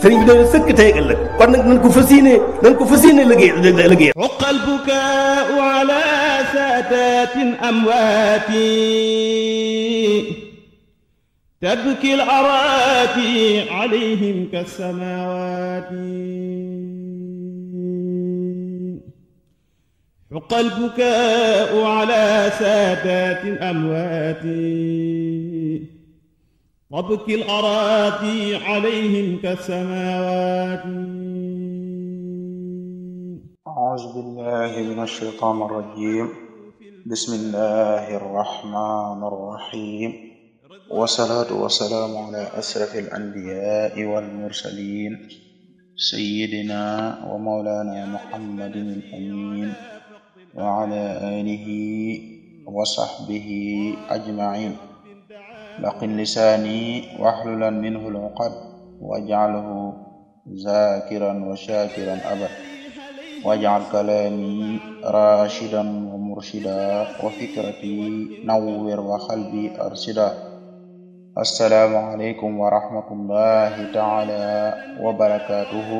sëriñ bi dañu sëkk tey ak ëllëg kon nag nañ ko fas yéene nañ ko fas yéene liggéey liggéey uqal bukaau ala saadatin amwaati tabki al araati alayhim kasamawaati حق البكاء على سادات أمواتي وابك الأراضي عليهم كالسماوات أعوذ بالله من الشيطان الرجيم بسم الله الرحمن الرحيم والصلاة والسلام على أشرف الأنبياء والمرسلين سيدنا ومولانا محمد الأمين وعلى آله وصحبه أجمعين laqin lisaani waxlulan minhu luqad wajcalhu zakiran wa shakiran abad wajcal kalaami rashidan wa murshida wa fikrati nawwir wa qalbi arshida assalaamu aleykum wa rahmatullahi taala wa barakatuhu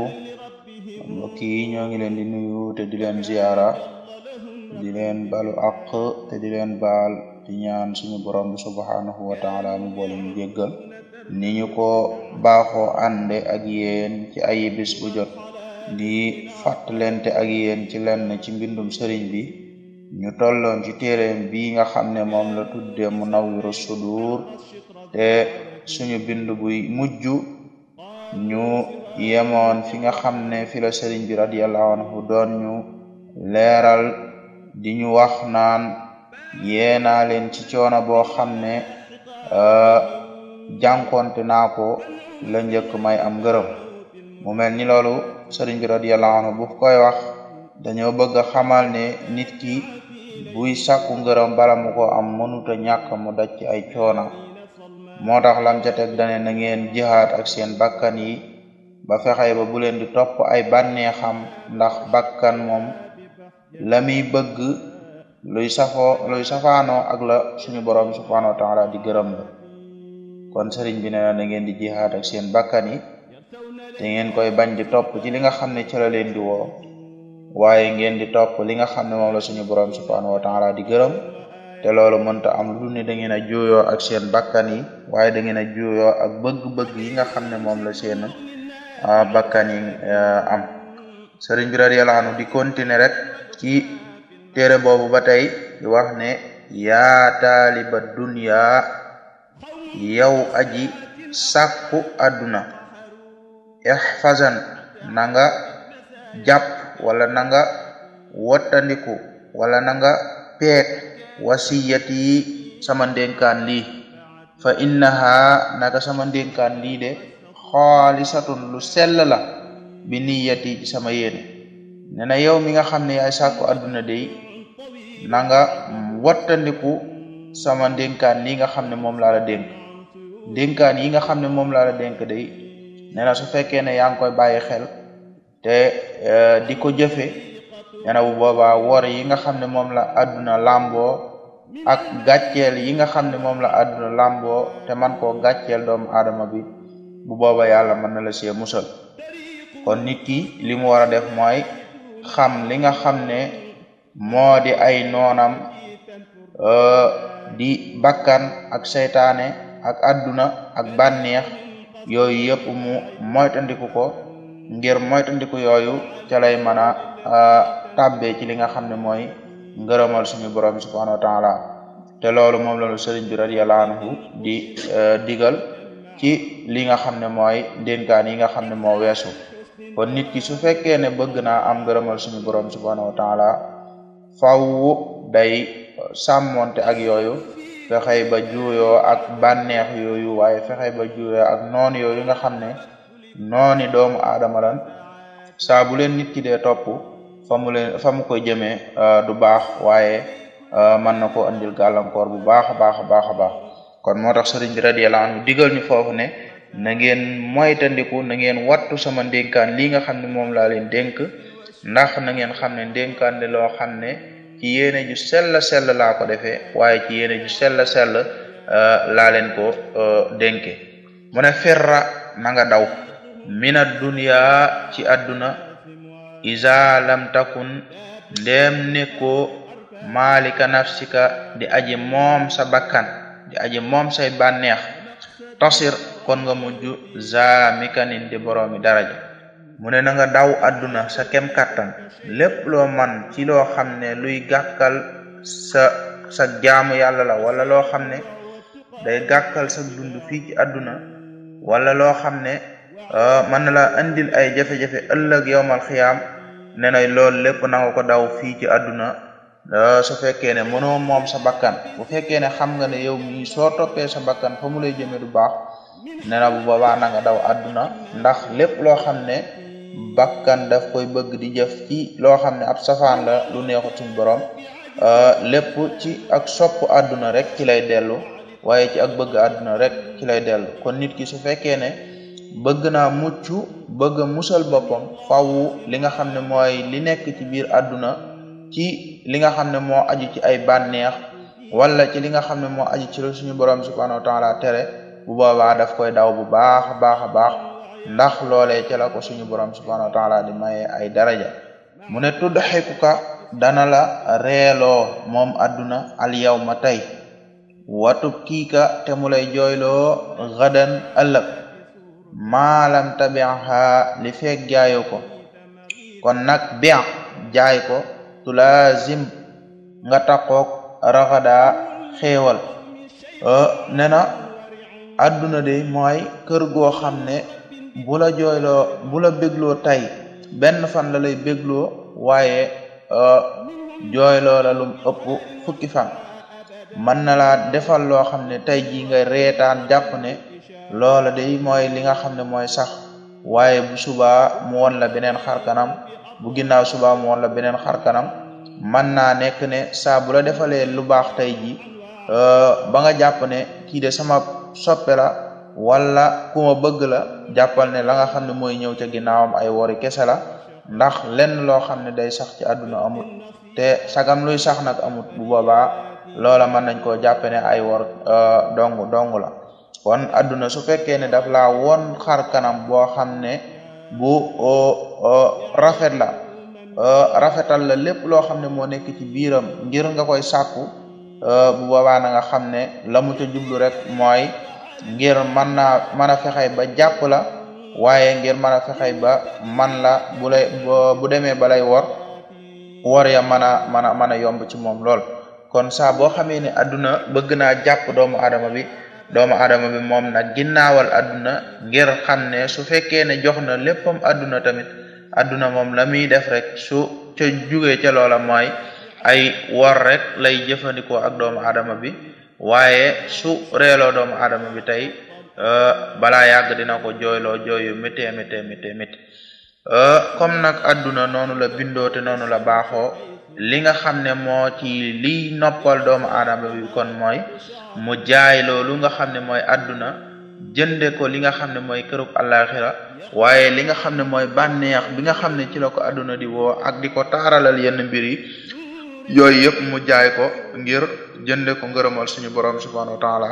mbokk yi ñoo ngi leen di nuyu te di leen ziyaara di leen balu àq te di leen baal ñaan suñu borom bi subhanahu wa taala mu boole ñu jéggal ni ñu ko baaxoo ànde ak yéen ci ay bis bu jot di fàttalente ak yéen ci lenn ci mbindum sëriñ bi ñu tolloon ci téeréem bi nga xam ne moom la tudde Munawwiru Sudur te suñu bind buy mujj ñu yemoon fi nga xam ne fi la sëriñ bi radiyallahu anhu doon ñu leeral di ñu wax naan yee naa leen ci coono boo xam ne euh, jànkonte naa ko la njëkk may am ngërëm mu mel ni loolu sëriñ bi radiyallahu anhu koy wax dañoo bëgg a xamal ne nit ki buy sàkku ngërëm bala mu ko am mënuta ñàkk mu daj ci ay coona moo tax lam ca teg dane na ngeen jihaat ak seen bakkan yi ba fexey ba bu leen di topp ay bànnee xam ndax bakkan moom la muy luy safoo luy safaanoo ak la suñu borom subhanahu wa taala di gërëm la kon sëriñ bi na da ngeen di jihaad ak seen bakkan yi te ngeen koy bañ di topp ci li nga xam ne ci leen di woo ngeen di topp li nga xam ne moom suñu borom subhanahu wa di gërëm te loolu mënta am lu da ngeen a juuyoo ak seen bakkan yi waaye da ngeen a juuyoo ak bëg bëgg yi nga xam ne moom la seen ah, bakkan yi eh, am sëriñ bi radiyallahu di continuer rek ci téere boobu ba tey di wax ne yaa taaliba dunya yow aji sàkku àdduna ihfazan na nga jàpp wala na nga wottandiku wala nanga nga peek wasiyati yi sama ndénkaan lii fa innaha naka sama ndénkaan lii de xaalisatun lu sell la bi niyati ci sama yéene ne na mi nga xam ne yaay sàkku àdduna na nga wattandiku sama ndénkaan lii nga xam ne moom laa la dénk ndénkaan yi nga xam ne moom laa la dénk day nee na su fekkee ne yaa koy bàyyi xel te eh, di ko jëfe nee na bu yi nga xam ne moom la àdduna làmboo ak gàcceel yi nga xam ne moom la àdduna làmboo te man koo gàcceel doomu aadama bi bu booba yàlla mën na la see musal kon nit ki li mu war xam li xam ne moo di ay noonam euh, di bakkan ak seytaane ak adduna ak bànneex yooyu yëpp mu moytandiku ko ngir moytandiku yooyu ca lay mën a euh, tàbbee ci li nga xam ne mooy ngërëmal suñu borom bi subhanahu wa taala te loolu moom loolu sëriñ bi di euh, digal ci li nga xam ne mooy dénkaan yi nga xam ne moo weesu kon nit ki su fekkee ne bëgg naa am ngërëmal suñu borom subhanahu wa taala faww day sàmmonte ak yooyu fexey ba juuyoo ak bànneex yooyu waaye fexey ba juuyoo ak noon yooyu nga xam ne nooni doomu aadama lan saa bu leen nit ki dee topp fa mu leen fa mu koy jëmee euh, du baax waaye euh, mën na koo andil gàllankoor bu baax a baax a baax a baax kon moo tax sëriñ bi radiyallahu anhu digal ñu foofu ne na ngeen moytandiku na ngeen wattu sama ndénkaan lii nga xam ne moom laa leen dénk ndax na ngeen xam ne ndénkaande loo xam ne ci yéene ju sell sell laa ko defee waaye ci yéene ju sell la euh, laa leen ko euh, dénke mu ne ferra na nga daw mina dunya ci àdduna isa lam takun ndéem nekkoo maalika nafsika di aji moom sa bakkan di aji moom say bànneex tasir kon nga mujj zaamikanin di dara daraja mu ne na nga daw àdduna sa kem kàttan lépp loo man ci loo xam ne luy gàkkal sa sa jaamu yàlla la wala loo xam ne day gàkkal sa dund fii ci àdduna wala loo xam ne euh, mën na la andil ay jafe-jafe ëllëg yowmal xiyaam ne na loolu lépp na ko daw fii ci àdduna euh, su fekkee ne mënoo moom sa bakkan bu fekkee ne xam nga ne yow mii soo toppee sa bakkan fa mu lay jëme du baax ne na bu na nga daw àdduna ndax lépp loo xam ne bakkan daf koy bëgg di jëf ci loo xam ne ab safaan la lu neexut suñu borom euh, lépp ci ak sopp àdduna rek ci lay dellu waaye ci ak bëgg àdduna rek ci lay dellu kon nit ki su fekkee ne bëgg naa mucc bëgg a musal boppam faw li nga xam ne mooy li nekk ci biir àdduna ci li nga xam ne moo aju ci ay bànneex wala ci li nga xam ne moo aju ci la suñu borom subhanahu wa taala tere bu boobaa daf koy daw bu baax a baax a baax ndax loolee ca la ko suñu borom subhanahu wa taala di maye ay daraja mu ne tudxikuka dana la reeloo moom adduna al yawma tey wa tubkiika te mu lay jooyloo gadan ëllëg maalam tabiaha li feeg jaayo ko kon nag bien jaay ko tulazim ngata taqoog raxadaa xéewal euh, nee na adduna de mooy kër goo xam ne bu la jooyloo bu la bégloo tey benn fan la lay bégloo waaye euh, jooyloo la lum ëpp fukki fan mën na laa defal loo xam ne tey jii nga reetaan jàpp ne loola day mooy li nga xam ne mooy sax waaye bu subaa mu won la beneen xar kanam bu ginnaaw subaa mu won la beneen xar kanam mën naa nekk ne saa bu lu baax tey jii euh, ba nga jàpp ne kii de sama soppe wala ku ma bëgg la jàppal ne la nga xam ne mooy ñëw ca ginnaawam ay wori kese la ndax lenn loo xam ne day sax ci àdduna amut te sagam luy sax nag amut bu boobaa loola mën nañ koo jàppe ne ay wor euh, dong dong la kon àdduna su fekkee ne daf laa won xar kanam boo xam ne bu euh, euh, rafet la rafetal la lépp loo xam ne moo nekk ci biiram ngir nga koy sàkku bu boobaa na nga xam ne la mu ca jublu rek mooy ngir man naa mën a fexey ba jàpp la waaye ngir mën a fexey ba man la bu lay bu demee ba lay wor wor ya mën a mën a mën a yomb ci moom lool kon saa boo xamee ne adduna bëgg naa jàpp doomu aadama bi doomu aadama bi moom na ginnaawal adduna ngir xam ne su fekkee ne jox na léppam adduna tamit adduna moom la muy def rek su ca jugee ca loola mooy ay wor rek lay jëfandikoo ak doomu aadama bi waaye su reeloo doom aadama bi tey euh, balaa yàgg dina ko jooyloo jooyu mite mite mite mite euh, comme nag adduna noonu la bindoo te noonu la baaxoo li nga xam ne moo ci liy noppal doomu aadama bi kon mooy mu jaay lu nga xam ne mooy adduna jënde ko li nga xam ne mooy kërub àllaaxira waaye li nga xam ne mooy bànneex bi nga xam ne ci la ko adduna di woo ak di ko taaralal yenn mbir yi yooyu yëpp mu jaay ko ngir jënde ko ngërëmal suñu borom subhanahu wa taala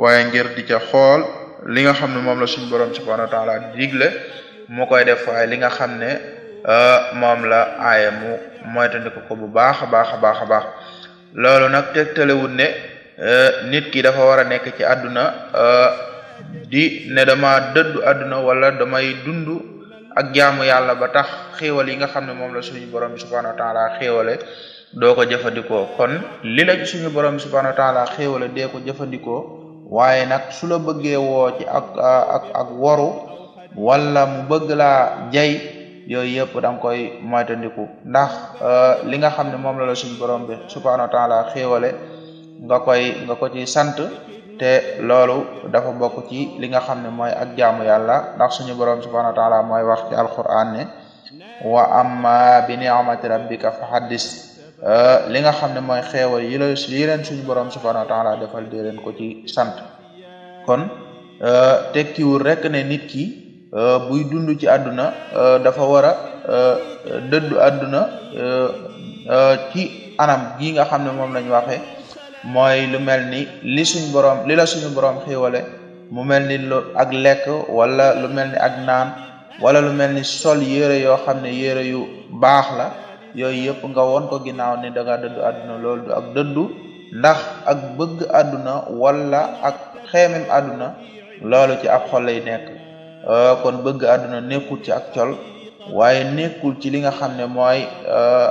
waaye ngir di xool li nga xam ne moom la suñu borom subhanahu wa taala digle mu koy def waaye li nga xam ne euh, moom la aaye mu moytandiku ko bu baax a baax a baax a baax loolu nag tegtalewul ne euh, nit ki dafa war a nekk ci àdduna euh, di ne dama dëddu àdduna wala damay dund ak jaamu yàlla ba tax xéewal yi nga xam ne moom la suñu borom subhanahu wa taala xéewale doo ko jëfandikoo kon li la suñu borom subhanahu wa taala xéewale dee ko jëfandikoo waaye nag su la bëggee woo ci ak ak ak woru wala mu bëgg laa jay yooyu yëpp da nga koy moytandiku ndax euh, li nga xam ne moom la la suñu borom bi subhanahu wa taala xéewale nga koy ko ci sant te loolu dafa bokk ci li nga xam ne mooy ak jaamu yàlla ndax suñu borom subhanahu wa taala mooy wax ci alquran ne wa amma bi ni'mati rabbika fa haddis Euh, li nga xam ne mooy xeewal yi la yi leen suñu borom subhanahu wa taala defal di leen ko ci sant kon euh, tekkiwul rek ne nit ki euh, buy dund ci àdduna dafa war a dëddu àdduna ci anam gi nga xam ne moom lañ waxe mooy lu mel ni li suñu borom li la suñu borom xéewale mu mel ni lu ak lekk wala lu mel ni ak naan wala lu mel ni sol yére yoo xam ne yére yu baax la yooyu yëpp nga woon ko ginnaaw ne danga dëddu àdduna loolu ak dëddu ndax ak bëgg àdduna wala ak xeemem àdduna loolu ci ab xol lay nekk euh, kon bëgg àdduna nekkul ci ak col waaye nekkul ci li nga xam ne mooy euh,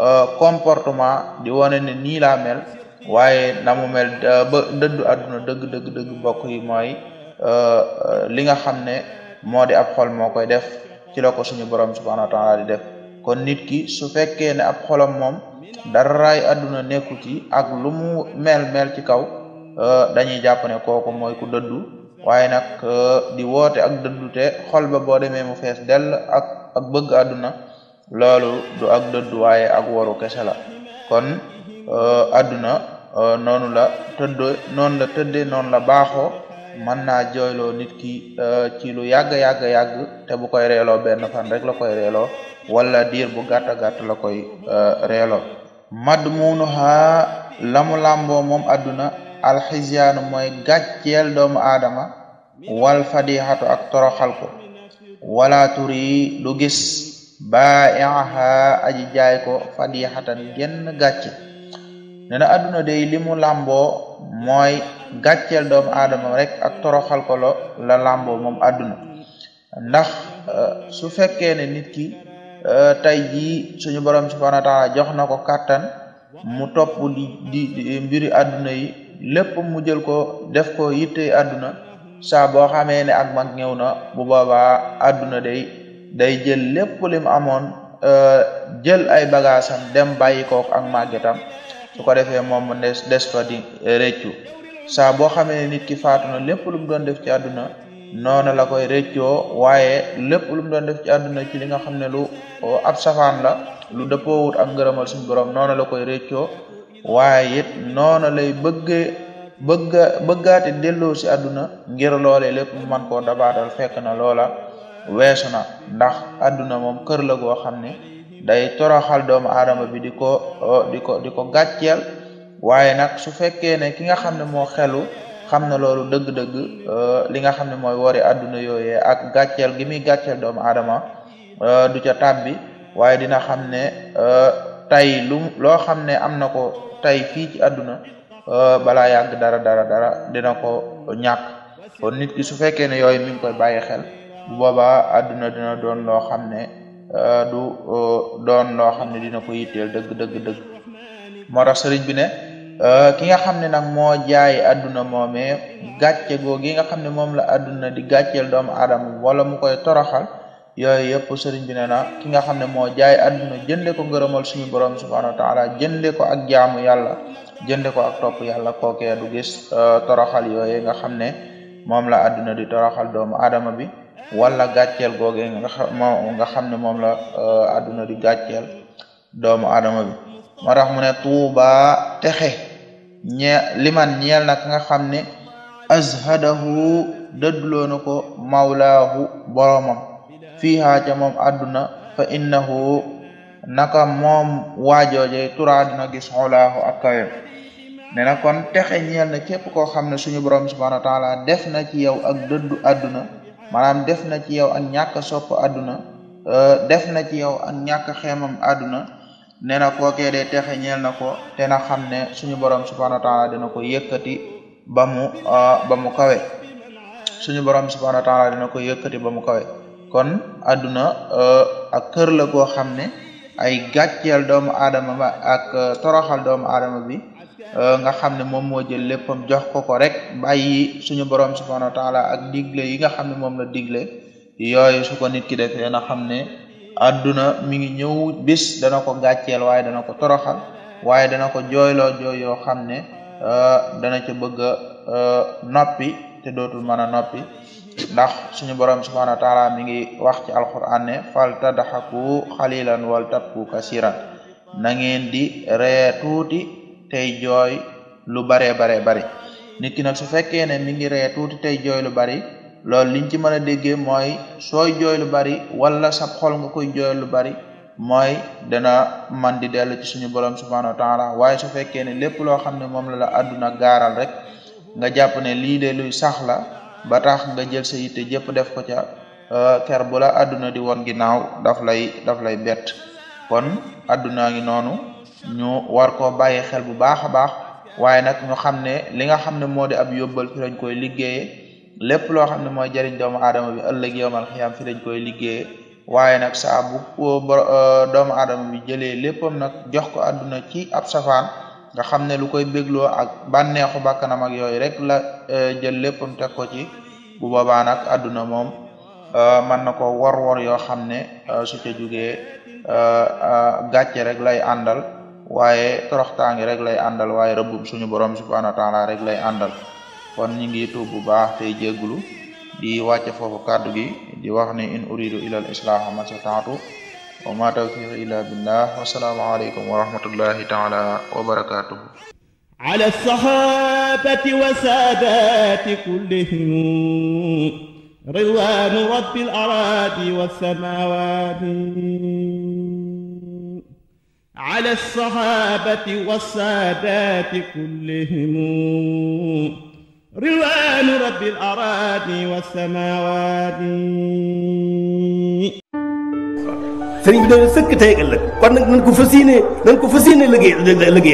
euh, comportement di wane ne nii mel waaye na mu mel ba dëddu àdduna dëgg dëgg dëgg yi mooy li nga xam ne moo di ab xol moo koy def ci la ko suñu borom subhanahu wa taala di def kon nit ki su fekkee ne ab xolam moom daraay àdduna nekku ci ak lu mu mel mel ci kaw euh, dañuy jàpp ne kooku mooy ku dëddu waaye nag euh, di woote ak dëddu te xol ba boo demee mu fees dell ak ak bëgg àdduna loolu du ak dëddu waaye ak waru kese la kon euh, àdduna noonu la tëdde noonu la tëdde noonu la baaxoo mën naa jooyloo nit ki ci lu yàgg yàgg yàgg te bu koy reeloo benn fan rek la koy reeloo wala diir bu gàtta gàtt la koy euh, reeloo madmunuha lamu làmboo moom adduna alxisyaanu mooy gàcceel doomu aadama wal fadixatu ak toroxal ko wala turi du gis baaiaha aji jaay ko fadixatan genn gàcce ne na adduna day li mu làmboo mooy gàcceel doomu aadama rek ak toroxalkolo la lambo moom adduna ndax euh, su fekkee ne Eh, tey jii suñu borom subhanahu wa taala jox na ko kattan mu topp di di mbiri àdduna yi lépp mu jël ko def ko yitte àdduna saa boo xamee ne ak mag ñëw na bu boobaa àdduna day day jël lépp lim amoon eh, jël ay bagaasam dem bàyyi kook ak màggetam su ko defee moom mu des des to di eh, réccu boo xamee ne ki faatu lépp lu doon def ci àdduna noonu la koy rëccoo waaye lépp lu mu doon def ci àdduna ci li nga xam ne lu ab safaan la lu dëppoowut ak ngërëmal suñu borom noonu la koy rëccoo waaye it noona lay bëggee bëgga bëggaate delloo si àdduna ngir loole lépp mu man koo dabaatal fekk na loola weesu na ndax àdduna moom kër la goo xam ne day toroxal doomu aadama bi di ko di ko di ko gàcceel waaye nag su fekkee ne ki nga xam ne moo xelu xam na loolu dëgg-dëgg euh, li nga xam ne mooy wari àdduna yooyee ak gàcceel gi muy gàcceel doomu aadama euh, du ca tàbbi waaye dina xam ne euh, tey lu loo xam ne am na ko tey fii ci àdduna balaa yàgg dara dara dara dina ko ñàkk kon nit ki su fekkee ne yooyu mi ngi koy bàyyi xel bu boobaa àdduna dina doon loo xam ne du doon loo xam ne dina ko yiteel dëgg dëgg dëgg moo sëriñ bi ne Euh, ki nga xam ne nag moo jaay adduna moomee gàcce googi nga xam ne moom la adduna di gàcceel doom aadama wala mu koy toroxal yooyu yëpp sëriñ bi ne na ki nga xam ne moo jaay adduna jënde ko ngërëmal suñu borom subhanahu wa taala jënde ko ak jaamu yàlla jënde ko ak topp yàlla kookee du gis euh, toroxal yooyu nga xam ne moom la adduna di toroxal doomu aadama bi wala gàcceel googe nga xam ne moom la euh, adduna di gàcceel doomu adama bi moo tax tuuba texe liman ñeel na ka nga xam ne azhadahu dëdduloo na ko mawlaahu boroomam fiihaa ca moom àdduna fa innahu naka moom waajooje turaa dina gis xolaahu ak kawem ne na kon texe ñeel na képp koo xam ne suñu borom subhanahu wa taala def na ci yow ak dëddu àdduna maanaam def na ci yow ak ñàkk sopp àdduna euh, def na ci yow ak ñàkk xeemam àdduna nee na kookee dee texe ñeel na ko te na xam ne suñu borom subhanahu wa taala dina ko yëkkati ba mu ba mu kawe suñu borom subhanahu wa taala dina ko yëkkati ba mu kawe kon àdduna ak kër la goo xam ne ay gàcceel doomu aadama ba ak toroxal doomu aadama bi nga xam ne moom moo jël léppam jox ko ko rek bàyyi suñu borom subhanahu wa taala ak digle yi nga xam ne moom la digle yooyu suko nit ki defee na xam ne àdduna mi ngi ñëw bis dana ko gàcceel waaye dana ko toroxal waaye dana ko jooyloo jooy yoo xam ne euh, dana ca bëgg a euh, noppi te dootul mën a noppi ndax suñu borom subhanahu wa taala mi ngi wax ci alquran ne fal tadxaku xalilan walta tabku kasiran na ngeen di ree tuuti tey jooy lu baree baree bari nit ki nag su fekkee ne mi ngi ree tuuti tey jooy lu bari loolu liñ ci man a dégge mooy sooy jooy lu bari wala sa xol nga koy jooy lu bari mooy dana man di dellu ci suñu borom subhanahu wa waaye su fekkee ne lépp loo xam ne moom la la àdduna gaaral rek nga jàpp ne lii de luy sax la ba tax nga jël sa yitte jëpp def ko ca euh, ker bu la àdduna di woon ginnaaw daf lay daf lay bett kon àddunaa ngi noonu ñu war koo bàyyi xel bu baax a baax waaye nag ñu xam ne li nga xam ne moo di ab yóbbal fi lañ koy liggéeye lépp loo xam ne mooy jëriñ doomu aadama bi ëllëg yowmal xiyaam fi lañ koy liggéeye waaye nag saa bu euh, doomu aadama bi jëlee léppam nag jox ko àdduna ci ab safaan nga xam ne lu koy bégloo ak bànneexu bàkkanam ak yooyu rek la euh, jël léppam teg ko ci bu boobaa nag àdduna moom euh, mën na ko wor wor yoo xam ne su ca jugee gàcce rek lay àndal waaye toroxtaangi rek lay àndal waaye rëbbum suñu borom subhanahu wa taala rek lay àndal kon ñi ngi tuub bu baax tey jégglu di wàcce foofu kàddu gi di wax ne in uridu ila al islaha ma sataatu wa ma tawfiqi illa billah wasalaamu aleykum wa rahmatullahi taala wa barakatuhu ala sahabati wa saadati kullihim ridwanu rabbil aradi wassamawati على الصحابة والسادات كلهم riwaanu rabbil araadi wa samaawaati sëriñ bi de sëkk tey ëllëg kon nag nañ ko fas yéene nañ ko fas yéene liggéey liggéey